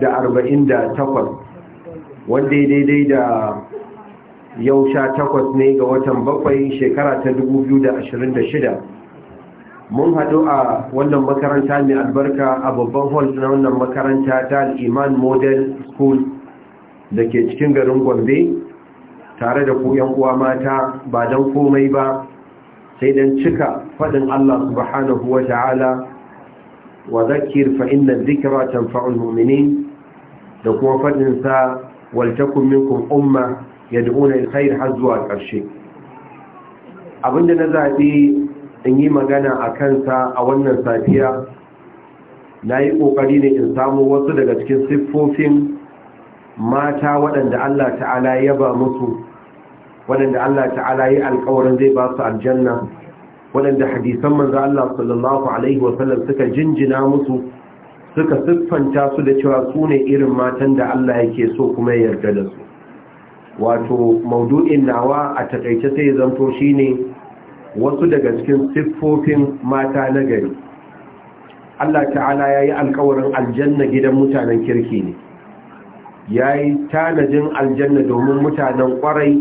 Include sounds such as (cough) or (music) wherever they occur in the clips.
da arba'in da takwas wanda daidai da yau sha takwas ne ga watan bakwai shekara ta dubu biyu da da shida. mun haɗu a wannan makaranta mai albarka a babban hall na wannan makaranta ta Al-Iman model school da ke cikin garin gombe tare da ku uwa mata ba don komai ba sai don cika faɗin allah subhanahu wa ta'ala wa zakir fa'in na zikira tamfa'ul muminin da kuma faɗin sa waltakun minkum umma yad'una ila khair har zuwa ƙarshe abinda na zaɓi in yi magana a sa a wannan safiya nayi yi ƙoƙari ne in samu wasu daga cikin siffofin mata waɗanda Allah ta'ala ya ba musu waɗanda Allah ta'ala yi alƙawarin zai ba su aljanna waɗanda hadisan manzo Allah sallallahu alaihi wasallam suka jinjina musu suka siffanta su da cewa su ne irin matan da Allah yake so kuma ya yarda da su wato maudu'in nawa a takaice sai zanto shine wasu daga cikin siffofin mata na gari Allah ta'ala ya yi alkawarin aljanna gidan mutanen kirki ne yayi tanajin aljanna domin mutanen kwarai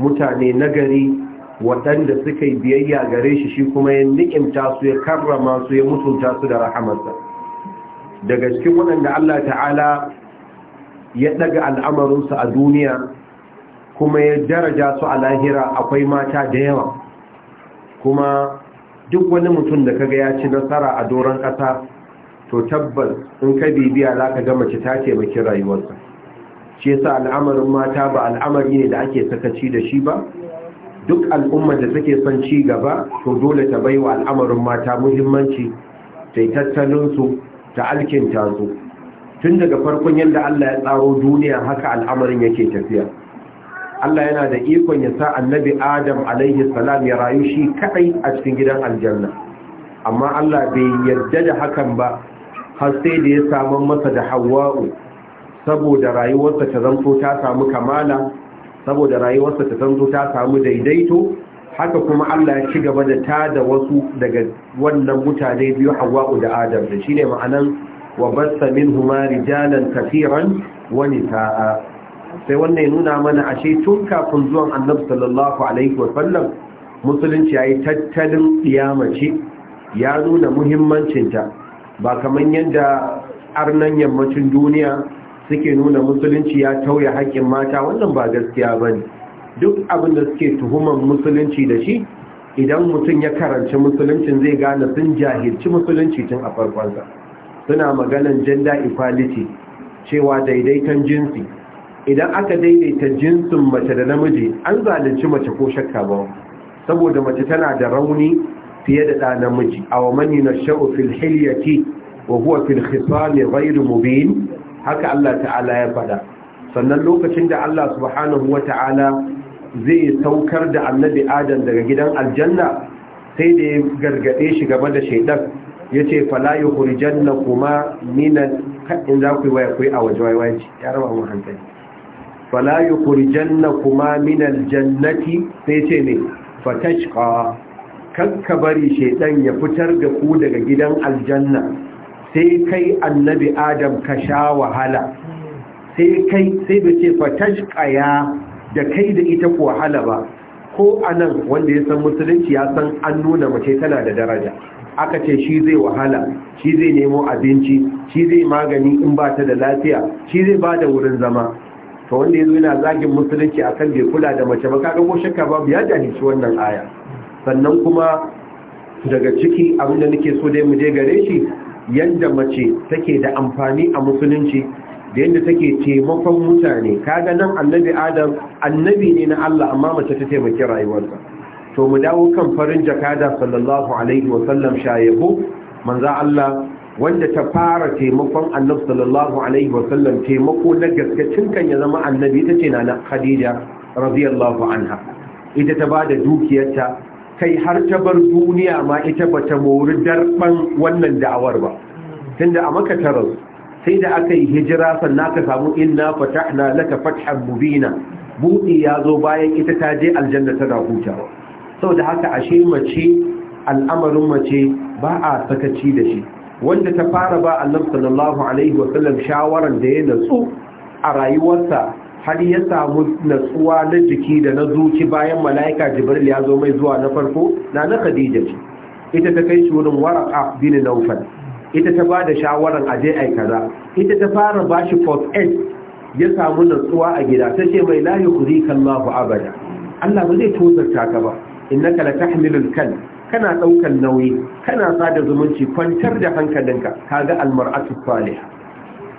mutane na gari waɗanda suka yi biyayya gare shi shi kuma ya ni'imta su ya karrama su ya mutunta su da rahamarsa daga cikin waɗanda Allah ta'ala ya ɗaga al'amarinsu a duniya kuma ya daraja su a lahira akwai mata da yawa kuma duk wani mutum da kaga ya ci nasara a doron ƙasa to tabbas in ka bibiya za ka gama ci ta taimaki rayuwarsa shi yasa al'amarin mata ba al'amari ne da ake sakaci da shi ba duk al'ummar da take son ci gaba to dole ta bai wa al'amarin mata muhimmanci ta yi tattalinsu ta alkinta su tun daga farkon yadda Allah ya tsaro duniya haka al'amarin yake tafiya Allah yana da ikon ya sa annabi Adam alaihi salam ya rayu shi kadai a cikin gidan aljanna amma Allah bai yarda da hakan ba har sai da ya samu masa da Hawwa'u saboda rayuwarsa ta zanto ta samu kamala saboda rayuwarsa ta zanto ta samu daidaito haka kuma Allah ya ci gaba da tada wasu daga wannan mutane biyu Hawwa'u da Adam da shine ma'anan wa min humari rijalan kafiran wa nisaa sai wannan nuna mana ashe tun kafin zuwan Annabi sallallahu alaihi wa sallam musulunci yayi tattalin kiyamaci ya nuna muhimmancinta ba kaman yadda arnan yammacin duniya suke nuna musulunci ya tauye haƙƙin mata wannan ba gaskiya bane duk abin da suke tuhumar musulunci da shi idan mutum ya karanci musuluncin zai gane sun jahilci musulunci tun a farkonsa suna maganan gender equality cewa daidaiton jinsi idan aka daidaita jinsin mace da namiji an zalunci mace ko shakka ba saboda mace tana da rauni fiye da ɗa namiji a wa mani na sha'u fil hilyati wa huwa fil khisami ghairu mubin haka Allah ta'ala ya faɗa sannan lokacin da Allah subhanahu wa ta'ala zai saukar da annabi adam daga gidan aljanna sai da ya gargade shi gaba da shaidan ya ce falayi yi hurjanna kuma minan kaɗin za ku yi waya kuwa a waje waya ya raba mu hankali falayi yi hurjanna kuma minan jannati sai ce ne fatashka kakka bari shaidan ya fitar da ku daga gidan aljanna sai kai annabi adam ka sha wahala sai kai sai da ce fatashka ya da kai da ita ko wahala ba ko anan wanda ya san musulunci ya san an nuna mace tana da daraja aka ce shi zai wahala shi zai nemo abinci shi zai magani in ba ta da lafiya shi zai ba da wurin zama to wanda ya zo yana zagin musulunci akan bai kula da mace ba kaga ko shakka babu ya shi wannan aya sannan kuma daga ciki abinda nake so dai mu je gare shi yadda mace take da amfani a musulunci da yadda take taimakon mutane kaga nan annabi adam annabi ne na Allah amma mace ta taimaki rayuwarsa to mu dawo kan farin jakada sallallahu alaihi wa sallam shayebu manzo Allah wanda ta fara taimakon annabi sallallahu alaihi wa sallam taimako na gaskacin kan ya zama annabi ita ce na Khadija radiyallahu anha ita ta bada dukiyarta kai har ta bar duniya ma ita bata mori darban wannan da'awar ba tunda a maka sai da aka yi hijira sannan ka samu inna fatahna laka fathan mubina buɗi ya zo bayan ita ta je aljanna tana hutawa da haka ashe mace al'amarin mace ba a sakaci da shi wanda ta fara ba annabi sallallahu alaihi wa sallam shawaran da ya natsu a rayuwarsa har ya samu natsuwa na jiki da na zuci bayan mala'ika jibril ya zo mai zuwa na farko na na khadija ce ita ta kai shi wurin waraka bin nawfal ita ta ba da shawarar aje yi kaza ita ta fara ba shi first ya samu nutsuwa a gida ta ce mai layi kuri kallahu abada Allah ba zai tozarta ka ba innaka la tahmilul kal kana daukan nauyi kana sada zumunci kwantar da hankalinka kaga almar'atu salihah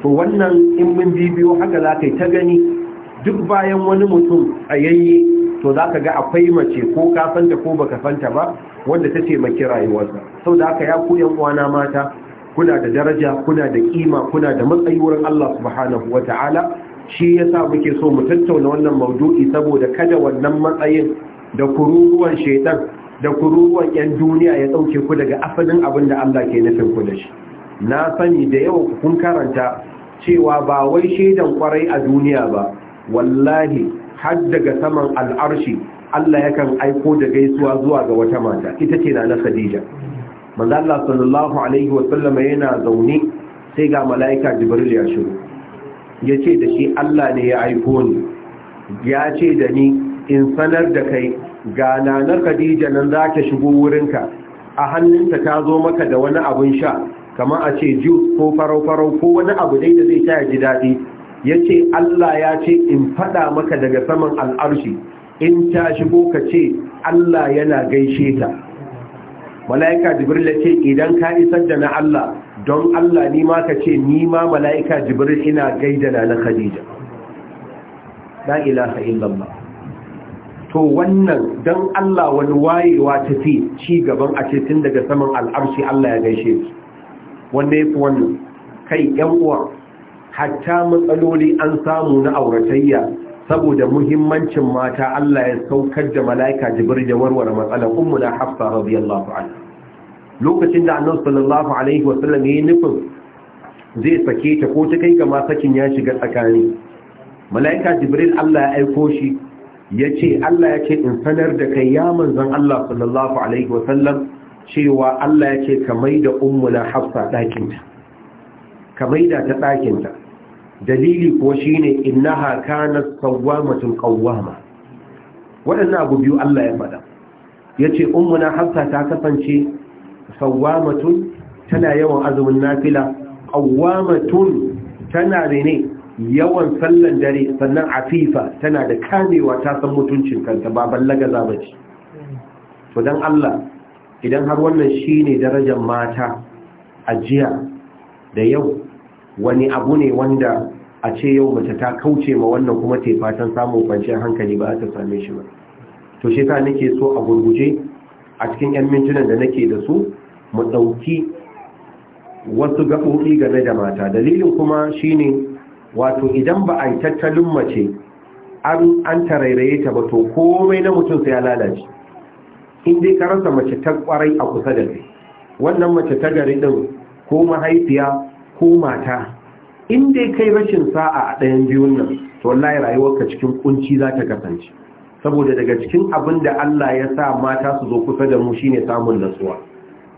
to wannan in mun bibiyo haka za ka yi ta gani duk bayan wani mutum a yayye to za ka ga akwai mace ko ka fanta ko baka fanta ba wanda ta taimaki rayuwarsa sau da haka ya koyan uwana mata kuna da daraja kuna da kima kuna da matsayi wurin Allah subhanahu wata'ala shi yasa muke so mu tattauna wannan mawdu'i saboda kada wannan matsayin da kururuwan shaitan da kururuwan yan duniya ya dauke ku daga asalin abin da Allah ke nufin ku da shi na sani da yawa kun karanta cewa ba wai shaidan kwarai a duniya ba wallahi har daga saman al'arshi Allah yakan aiko da gaisuwa zuwa ga wata mata ita ce na Khadija manzo Allah sallallahu alaihi wa sallam yana zaune sai ga malaika jibril ya shigo yace da shi Allah ne ya aiko ni ya ce da ni in sanar da kai ga nanar Khadija nan zaka shigo wurinka a hannunta ta zo maka da wani abun sha kamar a ce juice ko farau-farau ko wani abu dai da zai ta ji daɗi ya ce Allah ya ce in faɗa maka daga saman al'arshi in ta shigo ka ce Allah yana gaishe ta mala'ika jibril ce idan ka isar da na Allah don Allah ni ma ka ce ni ma mala'ika jibril ina gaida na na khadija la ilaha illallah to wannan don Allah wani wayewa tafi ci gaban a ce tun daga saman al'arshi Allah ya gaishe su wanda ya fi wannan kai yan uwa hatta matsaloli an samu na auratayya saboda muhimmancin mata Allah ya saukar da mala'ika jibir da warware matsalar na hafsa radiyallahu anha lokacin da annabi sallallahu alaihi wasallam yayin nufin zai sake ta ko ta kai ga ma sakin ya shiga tsakani mala'ika jibril Allah ya aiko shi yace Allah yake in sanar da kai ya manzon Allah sallallahu alaihi wasallam cewa Allah yake ka maida ummuna hafsa dakinta ka maida ta dakinta dalili ko shine innaha kanat sawwamatun qawwama Waɗannan abu biyu Allah ya faɗa Ya yace ummuna hafsa ta kasance mutum tana yawan azumin nafila mutum tana ne yawan sallan dare sannan afifa tana da kamewa ta san mutuncin kanta ba ballaga zabaci to dan Allah idan har wannan shine darajar mata a jiya da yau wani abu ne wanda a ce yau mace ta kauce ma wannan kuma ta fatan samun kwanciyar hankali ba ta same shi ba to shi ta nake so a gurguje a cikin 'yan mintunan da nake da su mu ɗauki wasu gaɓoɓi game da mata dalilin kuma shine wato idan ba a yi tattalin mace an tarairaye ta ba to komai na mutum sai ya lalace in dai ka mace ta kwarai a kusa da kai wannan mace ta gari ɗin ko mahaifiya ko mata in dai kai rashin sa'a a ɗayan biyun nan to wallahi ka cikin kunci za ta kasance saboda daga cikin abin da Allah ya sa mata su zo kusa da mu shine samun nasuwa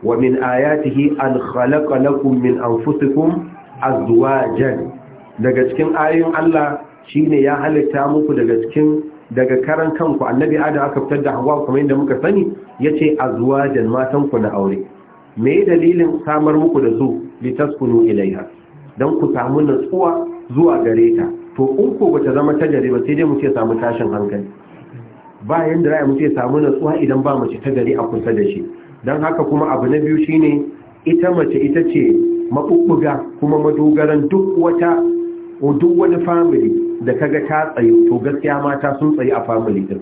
wa min ayatihi an khalaqa lakum min anfusikum azwajan daga cikin ayoyin Allah shine ya halitta muku daga cikin daga karan kanku annabi adam aka fitar da hawa kamar inda muka sani yace azwajan matan ku na aure me dalilin samar muku da su litaskunu ilaiha don ku samu natsuwa zuwa gare ta to in ko ta zama ta gare ba sai dai mu ce samu tashin hankali ba yanda ra'ayi mu ce samu natsuwa idan ba mace ta gare a kusa da shi don haka kuma abu na biyu shine ita mace ita ce mabubbuga kuma madogaran duk wata duk wani family da kaga ta tsayu to gaskiya mata sun tsayi a family din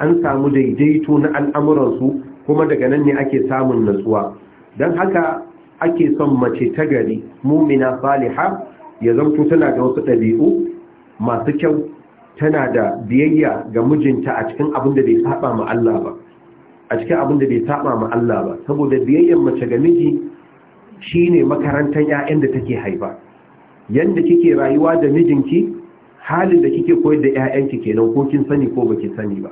an samu daidaito na al'amuransu kuma daga nan ne ake samun natsuwa don haka ake son mace ta gari mumina saliha ya zanto tana da wasu ɗabi'u masu kyau tana da biyayya ga mijinta a cikin abin da bai saba ma Allah ba a cikin abin da bai saba ma Allah ba saboda biyayyar mace ga miji shine makarantar 'ya'yan da take haifa yanda kike rayuwa da mijinki halin da kike koyar da 'ya'yanki kenan ko kin sani ko baki sani ba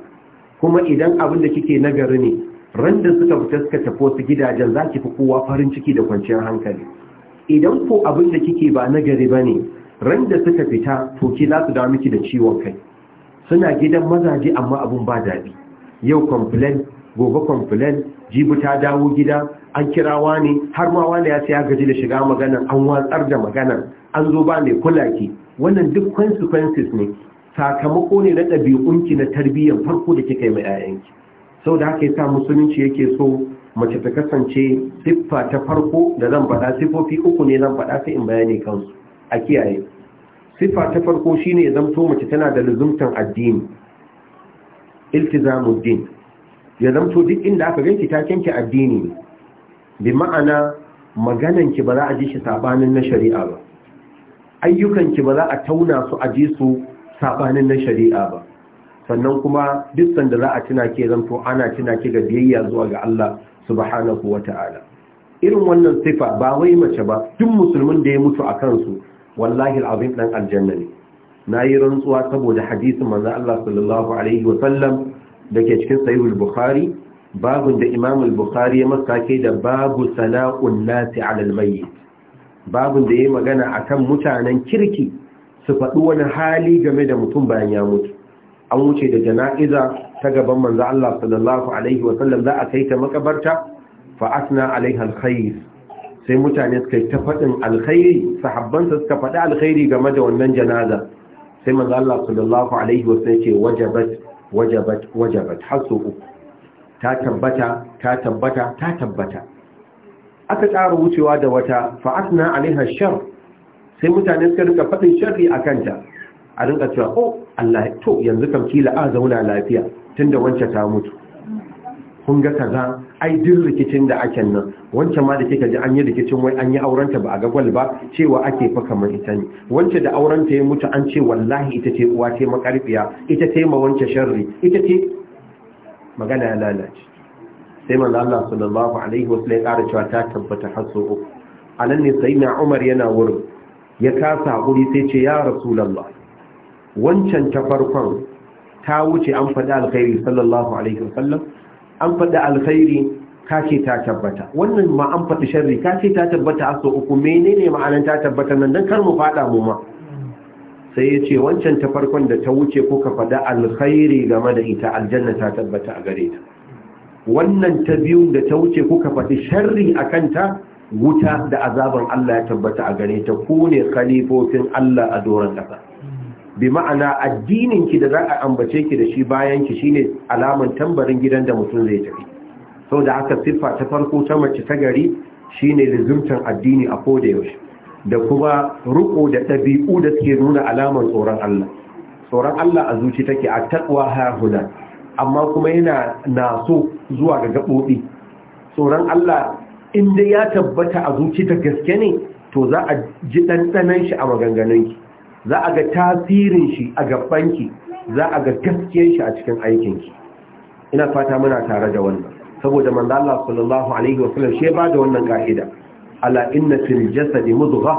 kuma idan abin da kike nagari ne randa suka fita suka tafi wasu gidajen za ki fi kowa farin ciki da kwanciyar hankali idan ko abin da kike ba na gari ba ne randa suka fita to ki za su dawo miki da ciwon kai suna gidan mazaje amma abun ba daɗi yau complain gobe complain Jibu ta dawo gida an kirawa ne har ma wani ya ya gaji da shiga magana, an watsar da magana, an zo ba mai kula ki wannan duk consequences ne sakamako ne na ɗabi'unki na tarbiyyar farko da kika yi ma 'ya'yanki sau da haka sa musulunci yake so mace ta kasance siffa ta farko da zan bada siffofi uku ne zan bada sai in bayani kansu a kiyaye siffa ta farko shine zamto mace tana da luzumtan addini din ya zamto duk inda aka ganki ta kenki addini ne bi ma'ana magananki ba za a ji shi sabanin na shari'a ba ayyukanki ba za a tauna su a ji su sabanin na shari'a ba sannan kuma duk sanda za a tuna ke zanto ana tuna ke ga biyayya zuwa ga Allah subhanahu wata'ala irin wannan sifa ba wai mace ba duk musulmin da ya mutu a kansu wallahi alazim dan aljanna ne Na yi rantsuwa saboda hadisin manzo Allah sallallahu alaihi wa sallam dake cikin sahih al-bukhari babun da imam al-bukhari ya masake da babu sala'un nasi ala al-mayyit babun da yayi magana akan mutanen kirki su faɗi wani hali game da mutum bayan ya mutu an wuce da jana'iza ta gaban manzo Allah sallallahu alaihi wa sallam za a kai ta makabarta fa asna alaiha alkhair sai mutane suka ta fadin alkhairi sahabban sa suka fadi alkhairi game da wannan janaza sai manzo Allah sallallahu alaihi wa sallam ce wajabat wajabat wajabat hasu ta tabbata ta tabbata ta tabbata aka tsara wucewa da wata fa asna alaiha shar sai mutane suka rika fadin sharri akanta a rinka cewa oh Allah to yanzu kam kila a zauna lafiya tunda wancan ta mutu kun ga kaza ai duk rikicin da ake nan wancan ma da kika ji an yi rikicin wai an yi aurenta ba a ga gwal ba cewa ake fa kamar ita ne wance da aurenta ya mutu an ce wallahi ita ce uwa ce makarfiya ita ce ma wance sharri ita ce magana ya lalace sai manzo Allah sallallahu alaihi wasallam ya ƙara cewa ta tabbata hasu anan ne sayyidina Umar yana wurin ya kasa hakuri sai ce ya rasulullahi wancan ta farkon ta wuce an faɗi alkhairi sallallahu alaihi wasallam an faɗi alkhairi ka ta tabbata wannan ma an faɗi sharri ka ta tabbata a uku menene ma'anar ta tabbata nan don kar mu faɗa mu ma sai ya ce wancan ta farkon da ta wuce ko ka alkhairi game da ita aljanna ta tabbata a gare ta wannan ta biyun da ta wuce ko ka faɗi sharri a kanta wuta da azaban Allah ya tabbata a gare ta ku ne khalifofin Allah a doron ƙasa bi ma'ana addinin ki da za a ambace ki da shi bayan ki shine alaman tambarin gidan da mutum zai tafi Sau da haka siffa ta farko ta mace ta gari shine lizumtan addini a koda yaushe da kuma ruko da ɗabi'u da suke nuna alaman tsoron Allah tsoron Allah a zuci take a taqwa ha huna amma kuma yana na so zuwa ga gabobi tsoron Allah inda ya tabbata a zuci ta gaske ne to za a ji ɗanɗanon shi a maganganunki. za a ga tasirin shi a gabanki za a ga gaskiyar shi a cikin aikinki ina fata muna tare da wannan saboda manzo Allah sallallahu alaihi wasallam shi ba da wannan kaida ala inna fil jasadi mudghah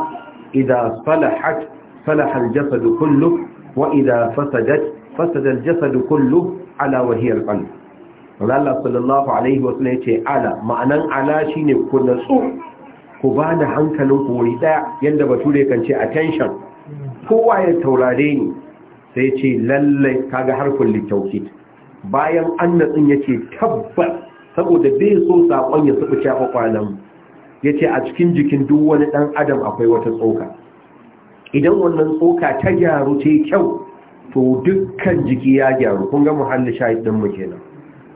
idha salahat salaha al jasadu kullu wa idha fasadat fasada al jasadu kullu ala wa hiya al qalb manzo Allah sallallahu alaihi wasallam yace ala ma'anan ala shine ku natsu ku ba da hankalin ku wuri daya yanda bature kan ce attention kowa ya taurare ni sai ce lallai kaga harfin littaukit bayan annatsin ya ce tabbas saboda bai so saƙon ya suɓi shafa kwanan ya ce a cikin jikin duk wani ɗan adam akwai wata tsoka idan wannan tsoka ta gyaru ce kyau to dukkan jiki ya gyaru kun ga muhalli shahidin mu kenan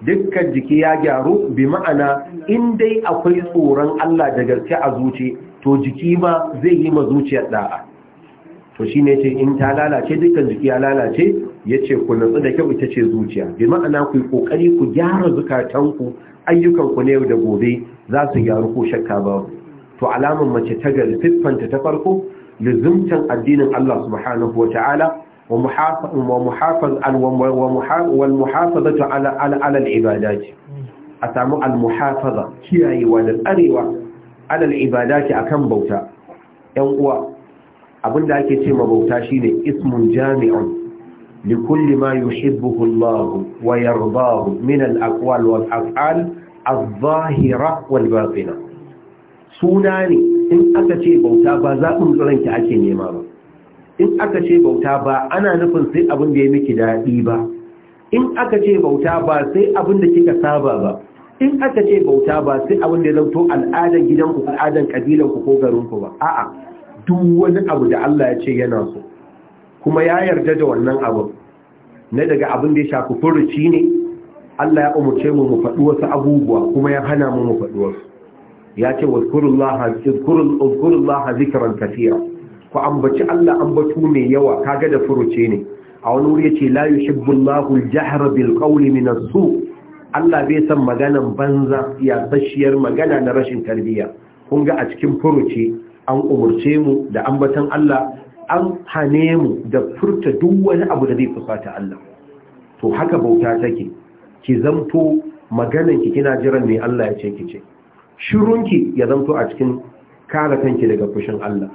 dukkan jiki ya gyaru bi ma'ana in dai akwai tsoron Allah da gaske a zuci to jiki ma zai yi ma zuciyar ɗa'a. to shi ne yace in ta lalace dukkan jiki ya lalace ya ce ku nutsu da kyau ita ce zuciya bi ma'ana ku yi kokari ku gyara zukatanku ayyukan ku ne yau da gobe za su gyaru ko shakka ba to alamar mace ta ga siffanta ta farko lizumtan addinin Allah subhanahu wa ta'ala wa muhafaz wal muhafaza ala ala al a samu al muhafaza kiyayewa da tsarewa ala al akan bauta yan uwa abinda ake ce mabauta shine ismun jami'un li kulli ma yuhibbuhu Allah wa yardahu min al-aqwal wal af'al adh-dhahira wal batina suna ne in aka ce bauta ba zaɓin ranki ake nema ba in aka ce bauta ba ana nufin sai abin da ya miki daɗi ba in aka ce bauta ba sai abin da kika saba ba in aka ce bauta ba sai abin da ya zanto al'adar gidanku al'adar kabilanku ko garinku ba a'a duk wani abu da Allah ya ce yana so kuma ya yarda da wannan abu na daga abin da ya shafi furuci ne Allah ya umarce mu mu faɗi wasu abubuwa kuma ya hana mu mu faɗi wasu ya ce wazkurullaha zikiran tafiya ku ambaci Allah ambatu mai yawa kaga da furuci ne a wani wuri ce, la yuhibbullahu al bil Allah bai san maganan banza ya magana na rashin tarbiyya kun ga a cikin furuci an umurce mu da ambatan Allah an hane mu da furta duk wani abu da zai fusata Allah to haka bauta take ki zanto maganan ki kina jiran ne Allah ya ce ki ce shirunki ya zanto a cikin kare kanki daga fushin Allah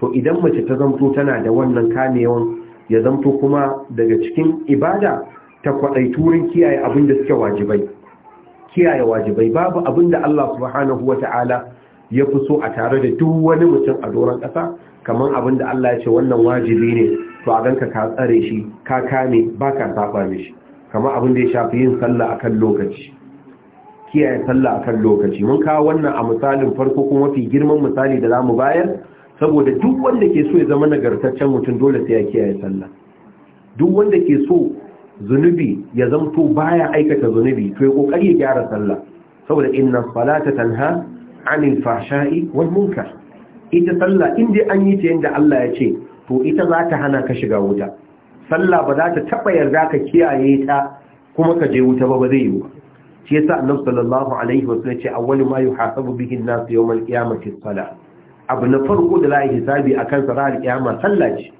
to idan mace ta zanto tana da wannan kamewan ya zanto kuma daga cikin ibada ta kwadai turin kiyaye abin da suke wajibai kiyaye wajibai babu abin da Allah subhanahu wata'ala ya fi so a tare da duk wani mutum a doron ƙasa kamar abin da Allah ya ce wannan wajibi ne to a ganka ka tsare shi ka kame ba ka saba mishi kamar abin da ya shafi yin sallah akan lokaci kiyaye sallah akan lokaci mun kawo wannan a misalin farko kuma mafi girman misali da zamu bayar saboda duk wanda ke so ya zama nagartaccen mutum dole sai ya kiyaye sallah duk wanda ke so zunubi ya zamto baya aikata zunubi to ya kokari ya gyara sallah saboda inna salata tanha anil fasha'i? wal munkar ita sallah inda an yi ta yanda Allah ya ce to ita za ta hana ka shiga wuta sallah ba za ta taba yarda ka kiyaye ta kuma ka je wuta ba ba zai yi ba shi yasa annabi sallallahu alaihi wasallam ce awwalu ma yuhasabu bihi an-nas yawm qiyamati as-salah abu na farko da za a hisabi akan sa ranar kiyama sallah ce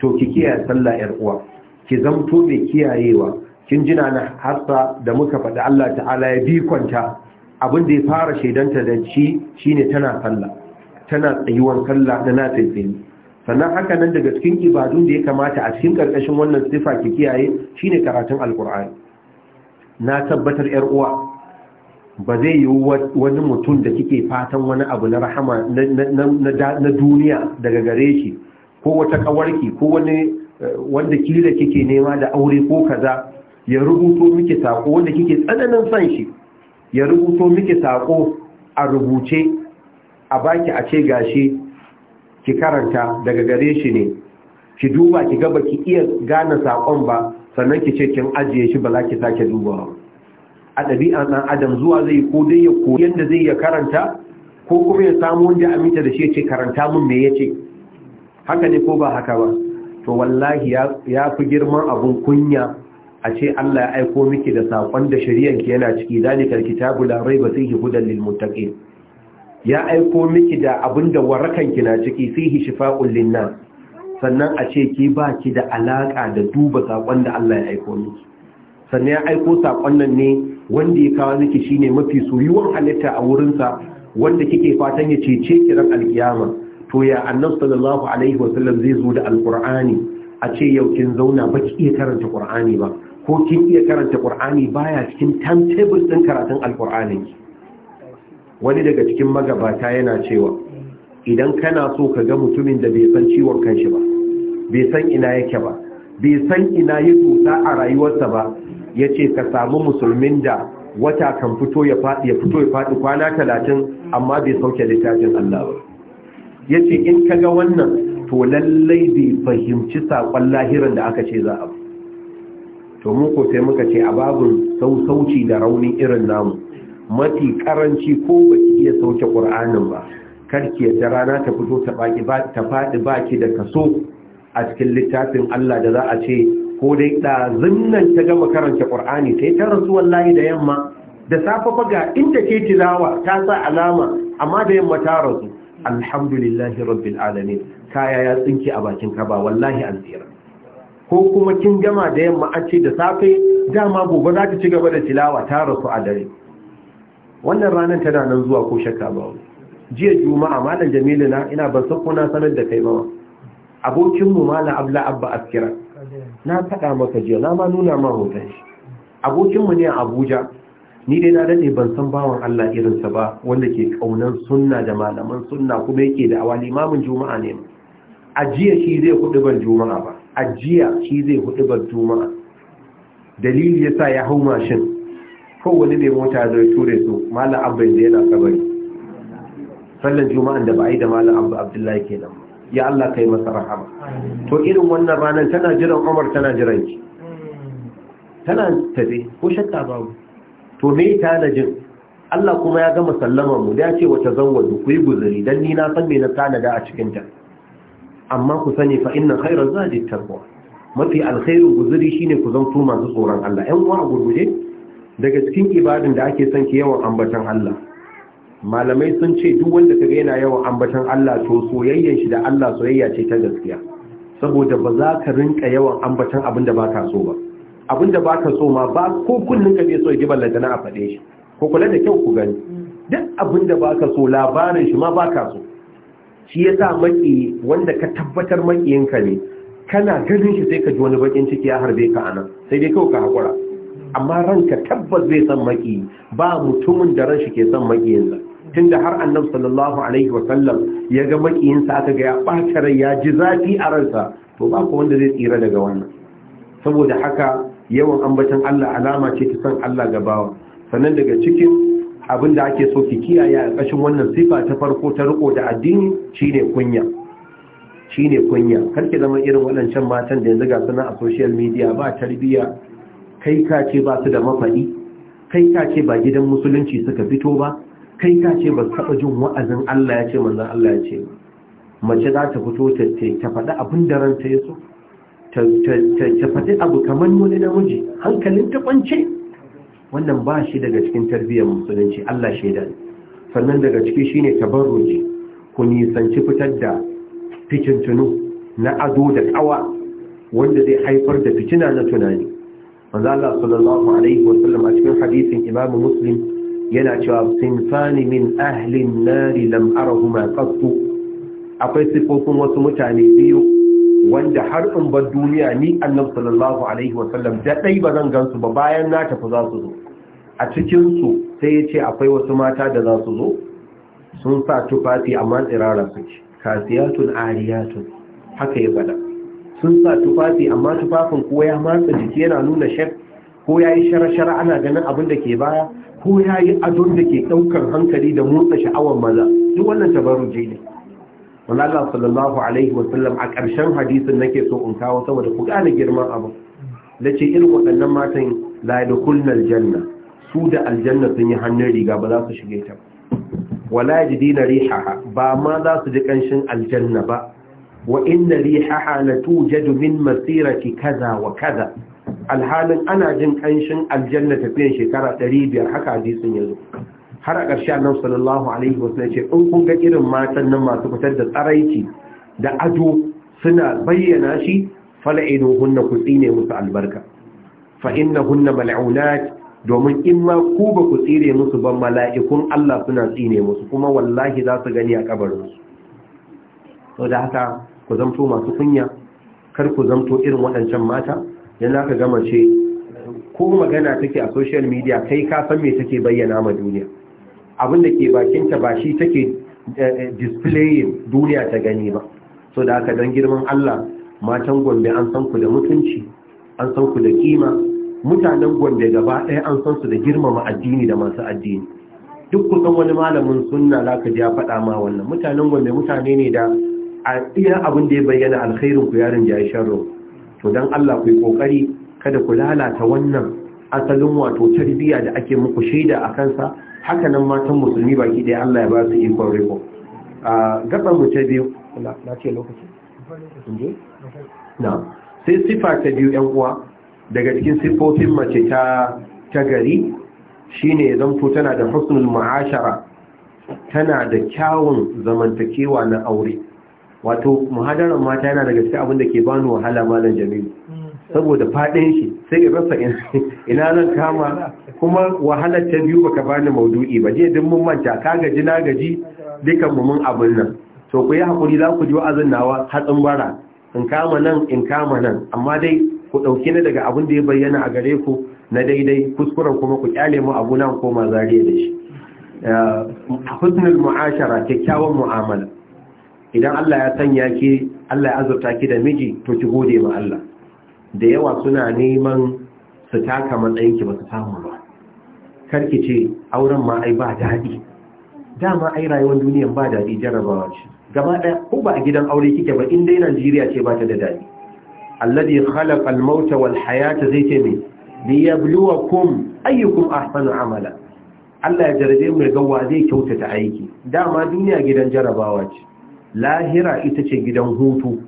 to ki kiyaye sallah yar uwa ki zamto mai kiyayewa kin jina na hassa da muka faɗi Allah ta'ala ya bi kwanta abin da ya fara shaidanta da shi shine tana sallah tana tsayuwar sallah sannan haka nan daga cikin ibadun da ya kamata a cikin karkashin wannan sifa ki kiyaye shine karatun alkur'ani na tabbatar yar uwa ba zai yi wani mutum da kike fatan wani abu na rahama na duniya daga gare shi ko wata kawarki ko wani eh, wanda kila kike nema da aure ko kaza ya rubuto miki sako wanda kike tsananin son shi ya rubuto miki sako a rubuce a baki a ce gashi ki karanta daga gare shi ne ki duba ki ga baki iya gane sakon ba sannan ki ce kin ajiye shi ba za ki sake duba a ɗabi'an ɗan adam zuwa zai ko dai ya koyi yadda zai ya karanta ko kuma ya samu wanda aminta da shi ya ce karanta mun me ya ce haka ne ko ba haka ba to wallahi ya fi girman abun kunya a ce Allah ya aiko miki da sakon da shari'anki yana ciki zalikal kitabu la ba fihi hudan lil ya aiko miki da abinda warakanki na ciki fihi shifaa'un lin nas sannan a ce ki baki da alaka da duba sakon da Allah ya aiko miki sannan ya aiko sakon nan ne wanda ya kawo miki shine mafi soyuwan halitta a wurinsa wanda kike fatan ya cece ki ran alkiyama to ya annabi sallallahu alaihi wasallam zai zo da alqur'ani a ce yau kin zauna baki iya karanta qur'ani ba ko kin iya karanta qur'ani baya cikin timetable ɗin karatun alqur'ani wani daga cikin magabata yana cewa idan kana so ka ga mutumin da bai san ciwon kanshi ba bai san ina yake ba bai san ina ya tusa a rayuwarsa ba yace ka samu musulmin da wata kan fito ya faɗi ya fito ya fadi kwana talatin, amma bai sauke littafin Allah ba yace in ka ga wannan to lallai bai fahimci saƙon lahirin da aka ce za a ba to mu ko sai muka ce a babu sausauci da raunin irin namu mafi karanci ko ba ki iya sauke qur'anin ba kar karki ta rana ta fito ta baki faɗi baki da kaso a cikin littafin Allah da za a ce ko dai da nan ta gama karanta qur'ani sai ta rasu wallahi da yamma da safe faga inda ke tilawa ta sa alama amma da yamma ta rasu alhamdulillahi rabbil alamin kaya ya tsinki a bakin ka ba wallahi alzira ko kuma kin gama da yamma a ce da safe dama gobe za ta ci gaba da tilawa ta rasu a dare wannan ranar tana nan zuwa ko shakka ba jiya juma'a malam jamilu na ina ban sako na sanar da kai ba abokin malam abla abba askira na faɗa maka jiya na ma nuna ma hoton shi abokin ne a abuja ni dai na dade ban san bawan Allah irinsa ba wanda ke ƙaunar sunna da malaman sunna kuma yake da awali Limamin juma'a ne a jiya shi zai kuɗi ban juma'a ba ajiya shi zai hudu bar juma'a dalili ya sa ya hau mashin ko wani ne mota zai ture su malam abba da yana kabari sallan juma'an da ba a yi da malam abba abdullahi kenan ya Allah kai masa rahama to irin wannan ranar tana jiran Umar tana jiran ki tana tafe ko shakka babu to me ta jin Allah kuma ya gama sallama mu da ya ce wata tazawwadu ku yi guzuri dan ni na san me na da a cikin ta amma ku sani fa inna za zadi taqwa mafi alkhairu guzuri shine ku zanto masu tsoron Allah ɗan uwa a gurguje daga cikin ibadin da ake son ki yawan ambatan Allah malamai sun ce duk wanda kaga yana yawan ambatan Allah to soyayyan shi da Allah soyayya ce ta gaskiya saboda ba za ka rinka yawan ambatan abinda da baka so ba abin da baka so ma ba ko kullun ka bai so ya ji na a fade shi ko kula da kyau ku gani duk abin da baka so labarin shi ma baka so shi sa maki wanda ka tabbatar makiyinka ne kana ganin shi sai ka ji wani bakin ciki ya harbe ka anan sai dai kawai ka hakura amma ka tabbas zai san maki ba mutumin da ran shi ke san makiyinsa tunda har annabi sallallahu alaihi wa sallam ya ga makiyinsa aka ga ya ɓata rai ya ji zafi a ransa to ba ku wanda zai tsira daga wannan saboda haka yawan ambaton Allah alama ce ta san Allah gabawa sannan daga cikin abin da ake so ki kiyaye a ƙashin wannan sifa ta farko ta riko da addini shine kunya shine kunya karki zama irin waɗancan matan da yanzu ga suna a social media ba tarbiyya kai ka ce ba su da mafaɗi kai ka ce ba gidan musulunci suka fito ba kai ka ce ba su taɓa jin wa'azin Allah ya ce manzon Allah ya ce mace za ta fito ta ta faɗi abin da ranta ya so ta faɗi abu kamar wani namiji hankalin ta kwance wannan ba shi daga cikin tarbiyyar musulunci Allah shaida sannan daga ciki shine tabarruji ku nisanci fitar da fitintunu na ado da kawa wanda zai haifar da fitina na tunani manzo Allah sallallahu alaihi wa sallam a cikin hadisin Imam Muslim yana cewa sinfani min ahli an-nar lam arahuma akwai sifofin wasu mutane biyu wanda har in bar duniya ni annabi sallallahu alaihi wasallam da dai ba zan gansu ba bayan na tafi za su zo a cikin su sai ya ce akwai wasu mata da za su zo sun sa tufafi amma tsirara suke kasiyatun ariyatun haka ya bada sun sa tufafi amma tufafin ko ya matsa jiki yana nuna shek ko ya yi shara-shara ana ganin abin da ke baya ko ya yi adon da ke ɗaukar hankali da motsa sha'awar maza duk wannan tabaruje jini. Allah sallallahu alaihi wa sallam a ƙarshen hadisin nake so in kawo saboda ku gane girman abu ce irin waɗannan matan la yadkhulna aljanna su da aljanna sun yi hannun riga ba za su shige ta wala yajidina rihaha ba ma za su ji kanshin aljanna ba wa inna rihaha la tujadu min masirati kaza wa kaza alhalin ana jin kanshin aljanna tafiyan shekara 500 haka hadisin yazo har a ƙarshe annabi sallallahu alaihi wasallam ce in kun ga irin matan nan masu fitar da tsaraici da ado suna bayyana shi hunna ku tsine musu albarka fa innahunna mal'unat domin in ma ku ba ku tsire musu ban mala'ikun Allah suna tsine musu kuma wallahi za su gani a kabarin su to da haka ku zamto masu kunya kar ku zamto irin waɗancan mata dan aka gama ce ko magana take a social media kai ka san me take bayyana ma duniya abin da ke bakinta ba shi take eh, eh, displaying duniya ta gani ba so da aka don girman Allah matan gombe an san ku da mutunci an san ku da kima mutanen gombe gaba ɗaya an san su da girmama addini da masu addini duk kusan wani malamin sunna laka ji ya faɗa ma wannan mutanen gombe mutane ne da a iya abin da ya bayyana alkhairin ku yarin da ya sharro to dan Allah ku yi kokari kada ku lalata wannan asalin wato tarbiyya da ake muku shaida a kansa Hakanan nan matan musulmi baki ɗaya Allah ya ba su ikon riko a gaban mu biyu na ce lokaci na sai sifa ta biyu yan uwa daga cikin sifofin mace ta ta gari shine zanto tana da husnul ma'ashara, tana da kyawun zamantakewa na aure wato muhadarar mata yana daga cikin abin da ke bani wahala malam jamilu saboda faɗin shi sai in rasa ina nan kama kuma wahalar ta biyu baka bani maudu'i ba je din mun manta ka gaji na gaji dukan mu mun abin nan to ku yi hakuri za ku ji wa'azin nawa hatsin bara in kama nan in kama nan amma dai ku dauki ni daga abin da ya bayyana a gare ku na daidai kuskuren kuma ku kyale mu abu nan koma zariya da shi eh, husnul mu'ashara kyakkyawan mu'amala idan Allah ya sanya ki Allah ya azurta ki da miji to ki gode ma Allah da yawa suna neman su taka matsayinki ba su samu ba karki ce auren ma ai ba daɗi dama ai rayuwar duniyan ba daɗi jarrabawa ce gaba ɗaya ko ba a gidan aure kike ba in dai Najeriya ce ba ta da daɗi alladhi khalaqa al-mauta wal hayata zai ce me liyabluwakum ayyukum ahsanu amala Allah ya jarabe mu ga wa zai kyautata aiki dama duniya gidan jarrabawa ce lahira ita ce gidan hutu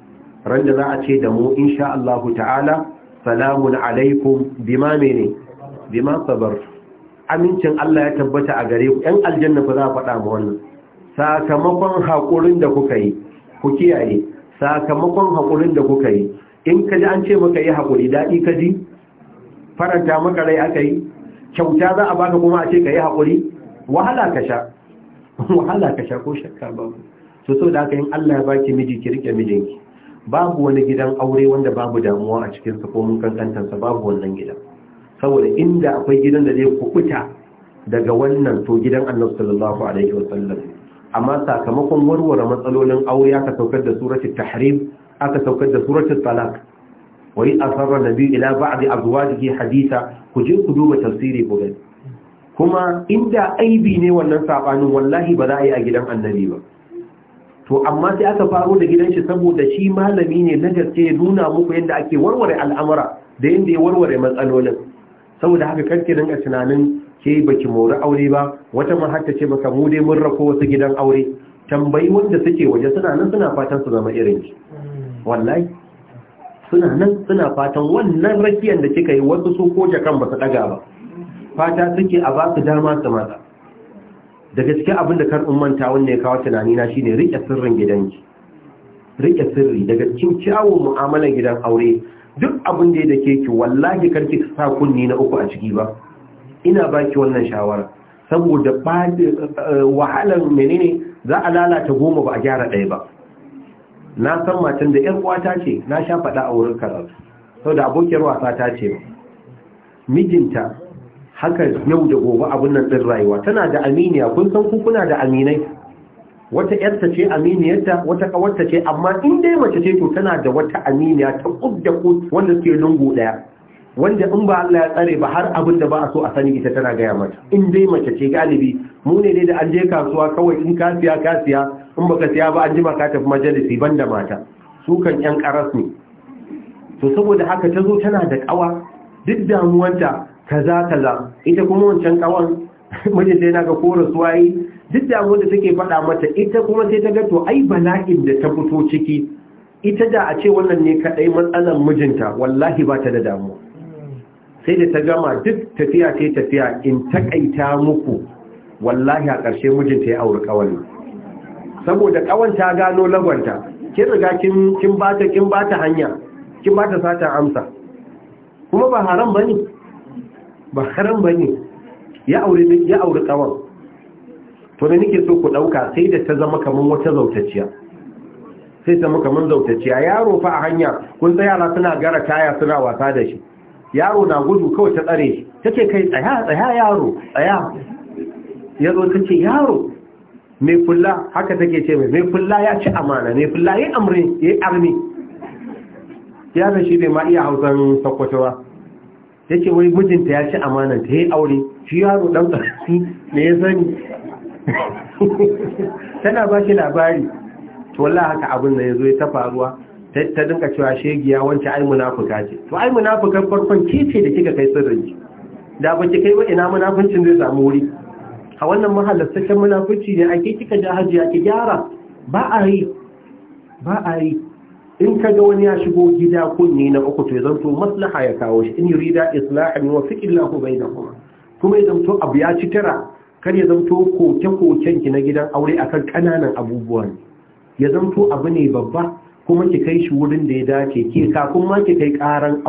ran da za a ce da mu insha Allah ta'ala salamun alaikum bima mene bima sabar amincin Allah ya tabbata a gare ku ɗan aljanna fa za a faɗa ma wannan sakamakon haƙurin da kuka yi ku kiyaye sakamakon haƙurin da kuka yi in ka ji an ce maka yi haƙuri daɗi ji faranta maka rai aka yi kyauta za a baka kuma a ce ka yi haƙuri wahala ka sha (laughs) wahala ka sha ko shakka ba so so da aka yin Allah ya baki miji ki rike mijinki babu wani gidan aure wanda babu damuwa a cikin sa ko mun kankantansa babu wannan gidan saboda inda akwai gidan da zai kubuta daga wannan to gidan annabi sallallahu alaihi wasallam amma sakamakon warware matsalolin aure aka saukar da suratul tahrim aka saukar da suratul talaq wa yi asarar nabi ila ba'di azwajihi haditha ku je ku duba tafsiri ku kuma inda aibi ne wannan sabanin wallahi ba za a yi a gidan annabi ba to amma sai aka faru da gidan shi saboda shi malami ne na gaske ya nuna muku yadda ake warware al'amura da yadda ya warware matsalolin saboda haka karki dinga tunanin ke baki mori aure ba wata ma har ce maka mu dai mun rako wasu gidan aure tambayi wanda suke waje suna nan suna fatan su zama irin ki wallahi suna nan suna fatan wannan rakiyar da kika yi wasu su ko jakan ba su daga ba fata suke a ba su dama su mata Daga gaske abin da kar manta wanda ya kawo tunani na shine rike sirrin gidanki rike sirri daga cikin kyawun mu'amalar gidan aure duk abin da ya dake ki wallahi karki sa kunni na uku a ciki ba ina baki wannan shawara saboda eh, wahalar menene za a lalata goma ba a gyara ɗaya ba na san matan da 'yar uwata ce na sha faɗa a wurin karatu saboda abokiyar wasa ta ce mijinta haka yau da gobe abun nan din rayuwa tana da aminiya kun san ku kuna da aminai wata yarta ce aminiyarta wata kawarta ce amma in dai mace ce to tana da wata aminiya ta kudda ku wanda suke lungu daya wanda in ba Allah ya tsare ba har abin da ba a so a sani ita tana gaya mata in dai mace ce galibi mu ne dai da an je kasuwa kawai in ka siya in baka siya ba an jima ka tafi majalisi banda mata su kan yan karas ne to saboda haka ta zo tana da kawa duk damuwanta kaza kaza ita kuma wancan kawan (laughs) mijin sai na ga kora suwayi duk da wanda take faɗa mata ita kuma sai ta ga to ai bala'in da ta fito ciki ita da a ce wannan ne kadai matsalan mijinta wallahi ba ta da damuwa sai da ta gama duk tafiya sai tafiya in takaita muku wallahi a ƙarshe mijinta ya auri kawan saboda kawan ta gano lagwanta kin riga kin kin bata kin hanya kin bata sata amsa kuma ba haram bane ba haram ba ne ya auri tsawon to da nake so ku ɗauka sai da ta zama kamar wata zautacciya sai ta zama kamar zautacciya yaro fa a hanya kun tsaya yara suna gara taya suna wasa da shi yaro na gudu kawai ta tsare shi take kai tsaya tsaya yaro tsaya ya zo ta ce yaro mai fulla haka take ce mai mai fulla ya ci amana mai fulla ya amri ya armi ya da shi ne ma iya hausan sakwatawa yake wai mijinta ya ci amana ta yi aure shi yaro dan ƙarfi ne ya sani (laughs) tana ba shi labari to wallahi haka abin da zo ya ta faruwa ta dinka cewa shegiya wance ai munafuka ce to ai munafukan farkon ke da kika kai sirrinki da ba ki kai ba ina munafuncin zai samu wuri a wannan sakan munafunci ne ake kika ja hajiya ki gyara ba a yi ba a yi in ka ga wani ya shigo gida kunni na uku to ya zanto maslaha ya kawo shi in yurida islahan wa fiqillahu bainahum kuma ya to abu ya ci tara kar ya zanto koke-koken ki na gidan aure akan kananan abubuwa ne ya zanto abu ne babba kuma ki kai shi wurin da ya dace ke kafin ma ki kai karan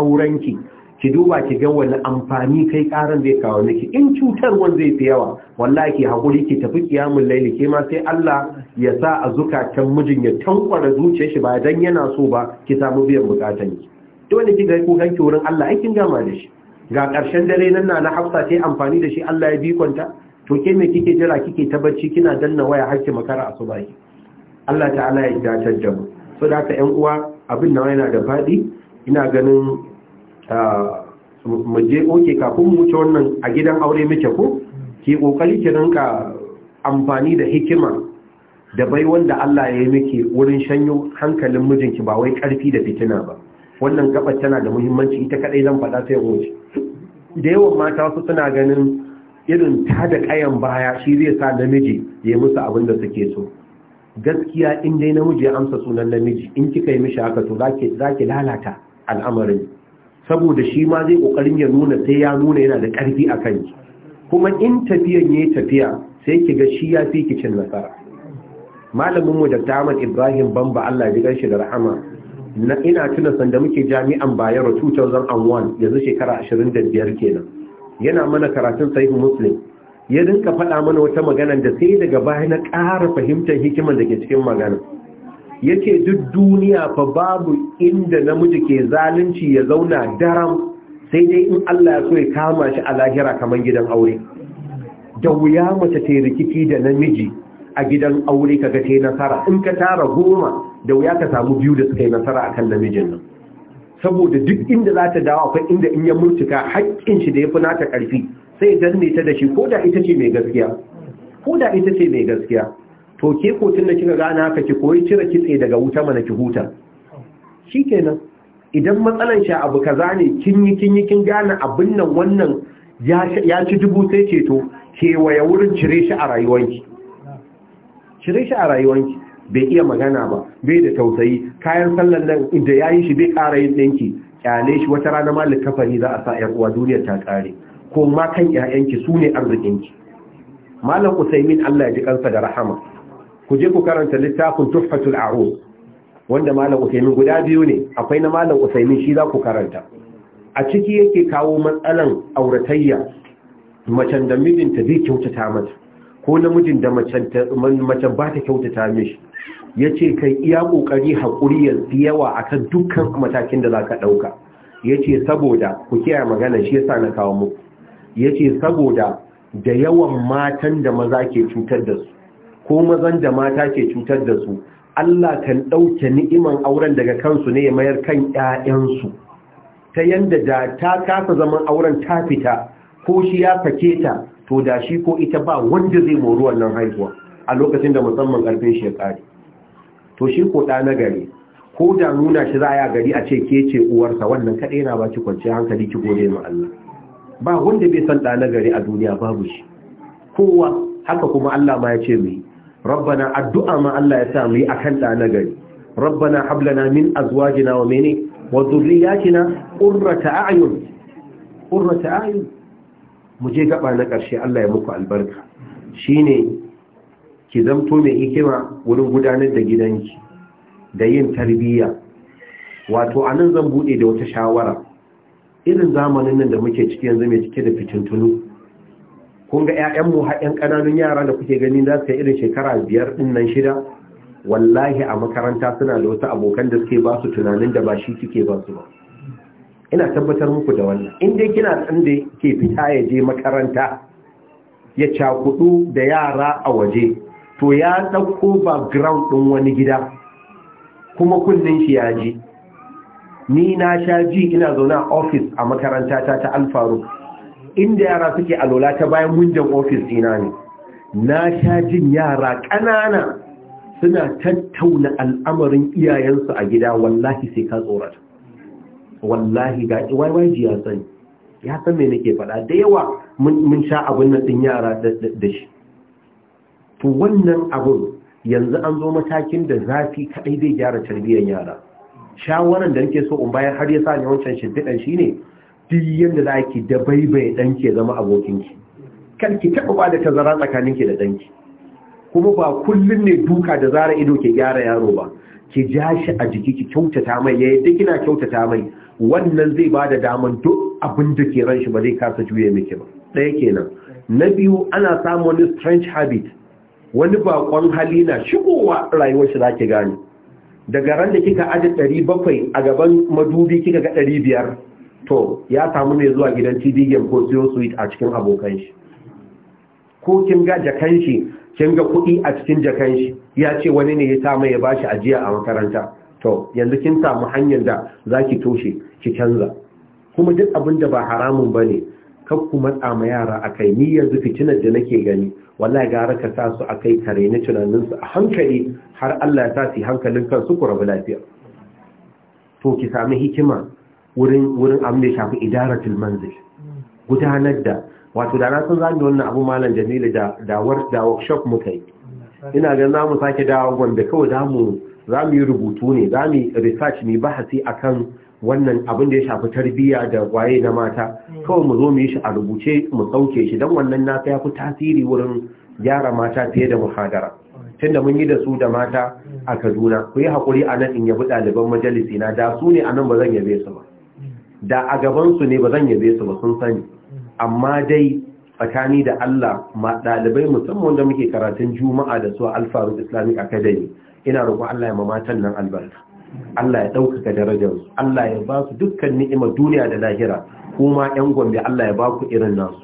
ki ki duba ki ga wani amfani kai karan zai kawo miki in cutar wanda zai fi yawa wallahi ki hakuri ki tafi kiyamul laili ke ma sai Allah ya sa a zukatan mijin ya tankwara zuciyar shi ba dan yana so ba ki samu biyan bukatan ki duk wanda ki ga ku wurin Allah ai kin gama da shi ga ƙarshen dare nan na na hafsa sai amfani da shi Allah ya bi kwanta to ke me kike jira kike ta barci kina danna waya har ki makara asuba ki Allah ta'ala ya dace da mu so da ƴan uwa abin nan yana da fadi ina ganin mu je oke kafin mu wuce wannan a gidan aure muke ko ki kokari ki rinka amfani da hikima da bai wanda Allah ya yi miki wurin shanyo hankalin mijinki ba wai karfi da fitina ba wannan gabar tana da muhimmanci ita kadai zan faɗa sai goje da yawan mata wasu suna ganin irin ta da kayan baya shi zai sa namiji ya musu abin da suke so gaskiya in dai namiji ya amsa sunan namiji in kika yi mishi haka to zaki zaki lalata al'amarin saboda shi ma zai kokarin ya nuna sai ya nuna yana da ƙarfi a kan kanki kuma in tafiyan yayi tafiya sai ki ga shi ya fi ki cin nasara malamin mu da Ahmad Ibrahim Bamba Allah ya jigar shi da rahama na ina tuna sanda muke jami'an Bayero 2001 yanzu shekara 25 kenan yana mana karatun Sahih Muslim ya dinka faɗa mana wata magana da sai daga bayan na ƙara fahimtar hikimar da ke cikin magana yace duk duniya fa babu inda namiji ke zalunci ya zauna daram sai dai in Allah ya so ya kama shi a lahira kamar gidan aure da wuya mace ta rikici da namiji a gidan aure kaga ta nasara in ka tara goma da wuya ka samu biyu da suka yi nasara akan namijin nan saboda duk inda za ta dawo akwai inda in ya murtuka haƙƙin shi da ya fi nata ƙarfi sai danne ta da shi ko da ita ce mai gaskiya ko da ita ce mai gaskiya to ke ko da kika gane haka ki koyi cire kitse daga wuta mana ki huta Shi kenan, idan matsalan shi abu kaza ne kin yi kin yi kin gane abin nan wannan ya ci dubu sai ceto kewaye wurin cire shi a rayuwanki cire shi a rayuwanki bai iya magana ba bai da tausayi kayan sallan nan inda yayi shi bai kara yin danki kyale shi wata rana ma likafari za a sa yar uwa duniya ta kare ko ma kan ƴaƴanki su ne arzikinki malam usaimin Allah ya ji kansa da rahama ku je ku karanta littafin tuhfatul aro, wanda malam usaimin guda biyu ne akwai na malam usaimin shi za ku karanta a ciki yake kawo matsalan auratayya macen da mijinta zai kyautata mata ko namijin da macen ba ta kyautata mishi ya kai iya ƙoƙari haƙuri ya yawa a kan dukkan matakin da za ka ɗauka ya saboda ku kiyaye magana shi yasa na kawo muku ya saboda da yawan matan da maza ke cutar da su ko mazan da mata ke cutar da su Allah kan ɗauke ni'iman auren daga kansu ne ya mayar kan ‘ya'yansu ta yadda da ta kasa zaman auren ta fita ko shi ya fake ta to da shi ko ita ba wanda zai mori wannan haihuwa a lokacin da musamman ƙarfin shi ya to shi ko ɗa na gari ko da nuna shi za a gari a ce ke ce uwarsa wannan kaɗai na ba ki kwanci hankali ki gode ma Allah ba wanda bai san ɗa na gari a duniya babu shi kowa haka kuma Allah ma ya ce mai rabbana addu'a ma Allah ya sa mu yi akan da na gari rabbana hablana min azwajina wa mene wa dhurriyyatina qurrata a'yun qurrata a'yun mu je gaba na ƙarshe Allah ya muku albarka shine ki zamto mai hikima wurin gudanar da gidanki da yin tarbiyya wato anan zan bude da wata shawara irin zamanin nan da muke ciki yanzu mai cike da fitintunu kun ga 'ya'yanmu haɗin ƙananun yara da kuke gani za su irin shekara biyar ɗin nan shida wallahi a makaranta suna da wasu abokan da suke ba su tunanin da ba shi suke ba su ba ina tabbatar muku da wannan in dai kina ɗan da ke fita ya je makaranta ya cakudu da yara a waje to ya ɗauko background ɗin wani gida kuma kullum shi ya ji ni na sha ji ina zaune a ofis a makaranta ta ta alfaru inda yara suke alola ta bayan munjan ofis dina ne na sha jin yara ƙanana suna tattauna al'amarin iyayensu a gida wallahi sai ka tsorata wallahi ga yyg ya sani ya san me nake faɗa da yawa mun sha abin na ɗin yara da shi to wannan abin yanzu an zo matakin da zafi kaɗai zai gyara tarbiyyar yara shawaran da nake so in bayan har ya sa ne wancan shimfiɗan shi ne duk yadda za ki da ɗanki ya zama abokinki kan ki taɓa ba da tazara tsakaninki da ɗanki kuma ba kullum ne duka da zara ido ke gyara yaro ba ki ja shi a jiki ki kyautata mai ya yadda kina kyautata mai wannan zai ba da daman duk abin da ke ran shi ba zai kasa juye miki ba ɗaya kenan na biyu ana samun wani strange habit wani baƙon hali na shigowa rayuwar shi zaki gane daga ran da kika ajiye ɗari bakwai a gaban madubi kika ga ɗari biyar? to ya samu ne zuwa gidan game ko siyo suite a cikin abokan shi ko kin ga jakan shi kin ga kuɗi a cikin jakan shi ya ce wani ne ya samu ya shi ajiya a makaranta to yanzu kin samu hanyar da zaki toshe ki canza kuma duk abin da ba haramun ba ne kan ku matsa ma yara a kai ni yanzu fitinar da nake gani wallahi gara ka sa su a kai kare na tunaninsu a hankali har Allah ya sa hankalin kansu ku rabu lafiya to ki sami hikima wurin wurin abin ya shafi idaratul manzil gudanar da wato da na san za wannan abu malam Jamilu da da workshop muka yi ina ga za mu sake dawo wanda kawai za mu za mu yi rubutu ne za mu yi research mu bahasi akan wannan abin da ya shafi tarbiyya da waye na mata kawai mu zo mu yi shi a rubuce mu sauke shi don wannan nasa ya fi tasiri wurin gyara mata fiye da muhadara tunda mun yi da su da mata a kaduna ku yi haƙuri a nan in yabi ɗaliban majalisi na da su ne a nan ba zan yabe su ba da a gabansu ne ba zan yabe su ba sun sani amma dai tsakani da Allah ma ɗalibai musamman da muke karatun juma'a da su alfaru islamic academy ina roƙon Allah ya mamatan nan albarka Allah ya ɗaukaka darajarsu Allah ya ba su dukkan ni'ima duniya da lahira kuma ƴan gombe Allah ya ba ku irin nasu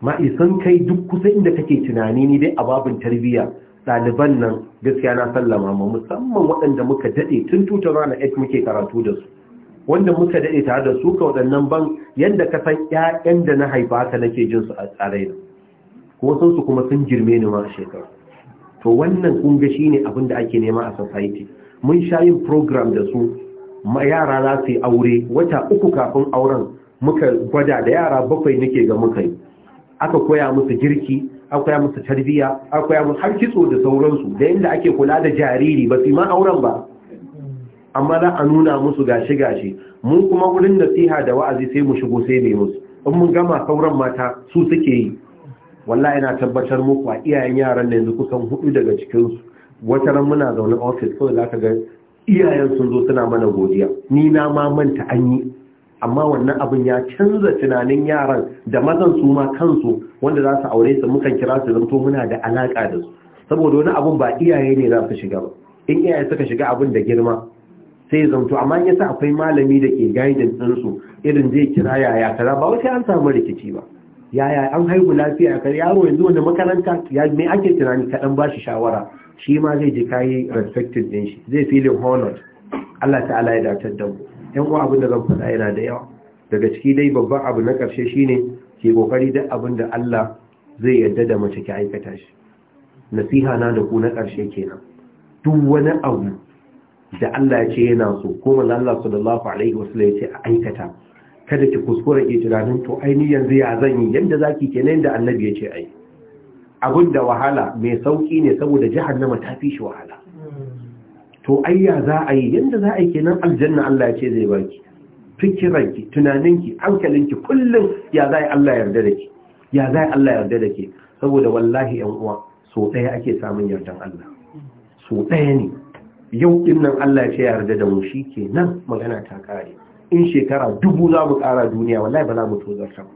ma'isan kai duk kusa inda kake tunani ni dai a babin tarbiyya ɗaliban nan gaskiya na sallama musamman waɗanda muka daɗe tun tutar ranar 8 muke karatu da su wanda muka dade tare da su ka waɗannan ban yanda ka san ƴaƴan da na haifa ka nake jin su a tsaraina kuma sun su kuma sun girme ni ma to wannan kun ga shine abin da ake nema a society mun sha yin program da su ma yara za su yi aure wata uku kafin auren muka gwada da yara bakwai nake ga muka yi aka koya musu girki aka koya musu tarbiyya, aka koya musu har kitso da sauransu da inda ake kula da jariri ba su ma auren ba amma za a nuna musu gashi gashi mun kuma wurin nasiha da wa'azi sai mu shigo sai ne musu in mun gama sauran mata su suke yi wallahi yana tabbatar muku a iyayen yaran da yanzu kusan hudu daga cikin su wata ran muna zaune office kawai ka ga iyayen sun zo suna mana godiya ni na ma manta an yi amma wannan abin ya canza tunanin yaran da mazan su ma kansu wanda za su aure su mukan kira su zanto muna da alaka da su saboda wani abu ba iyaye ne za su shiga ba in iyaye suka shiga abin da girma sai ya amma amma yasa akwai malami da ke gaidin ɗinsu irin zai kira yaya kaza ba wata an samu rikici ba yaya an haihu lafiya kar yaro yanzu wanda makaranta ya me ake tunani kaɗan ba shi shawara shi ma zai ji kayi respected din shi zai filin honored Allah ta'ala ya dace da mu yan uwa abin da zan faɗa yana da yawa daga ciki dai babban abu na ƙarshe shine ke kokari duk abin da Allah zai yarda da mace ki aikata shi nasiha na da ku na ƙarshe kenan duk wani abu da Allah ya ce yana so ko manzo Allah sallallahu alaihi wasallam ya ce a aikata kada ki kuskura ki tunanin to ai ni yanzu ya zan yi yanda zaki kenan da annabi ya ce ai abin da wahala mai sauki ne saboda jahannama ta fi shi wahala to ai ya za a yi yanda za a yi kenan aljanna Allah ya ce zai baki fikiranki tunaninki hankalinki kullum ya za Allah yarda da ki ya za Allah yarda da ki saboda wallahi yan uwa so ɗaya ake samun yardan Allah so ɗaya ne yau din nan Allah ya ce ya yarda da mu shi ke nan magana ta kare in shekara dubu za mu kara duniya wallahi ba za mu tozarta ba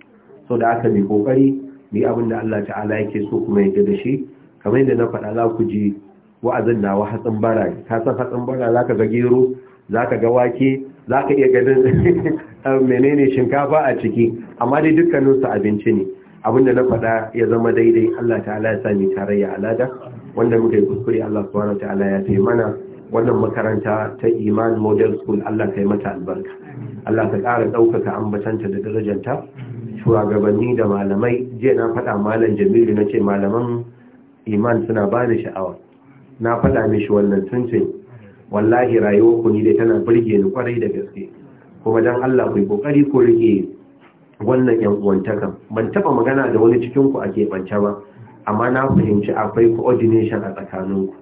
so da aka bi kokari bi abin da Allah ta'ala yake so kuma yake da shi kamar yadda na faɗa za ku ji wa'azin nawa hatsin bara ka san hatsin bara za ka ga gero ka ga wake za ka iya ganin (laughs) menene shinkafa a ciki amma dai dukkanin abinci ne Abin da na faɗa ya zama daidai Allah ta'ala ya sami tarayya alada wanda muka yi kuskure Allah subhanahu wa ta'ala ya taimana mana wannan makaranta ta iman model school Allah ka yi mata albarka Allah ka ƙara ɗaukaka ambatanta da darajanta shugabanni da malamai jiya na faɗa malam jamilu na ce malaman iman suna ba ni sha'awa na faɗa mishi wannan tun ce wallahi rayuwar ku ni dai tana burge ni kwarai da gaske kuma dan Allah ku yi kokari ku rike wannan yan uwantaka ban taba magana da wani cikin ku a keɓance ba amma na fahimci akwai coordination a tsakaninku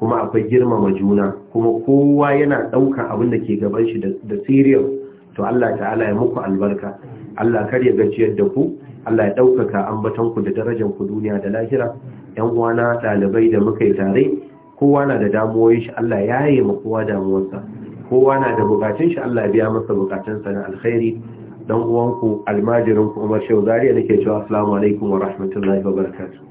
kuma akwai girmama juna kuma kowa yana ɗaukan abin da ke gaban shi da siriyar to Allah ta'ala ya muku albarka Allah kar ya gajiyar da ku Allah ya ɗaukaka ambatanku da darajar ku duniya da lahira ‘yan uwana ɗalibai da muka yi tare kowa na da damuwoyin shi Allah ya yi ma kowa damuwarsa kowa na da bukatun shi Allah ya biya masa bukatunsa na alkhairi dan uwanku almajirinku Umar Shehu Zariya nake cewa assalamu alaikum wa rahmatullahi wa barakatuh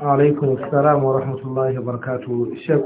عليكم السلام ورحمة الله وبركاته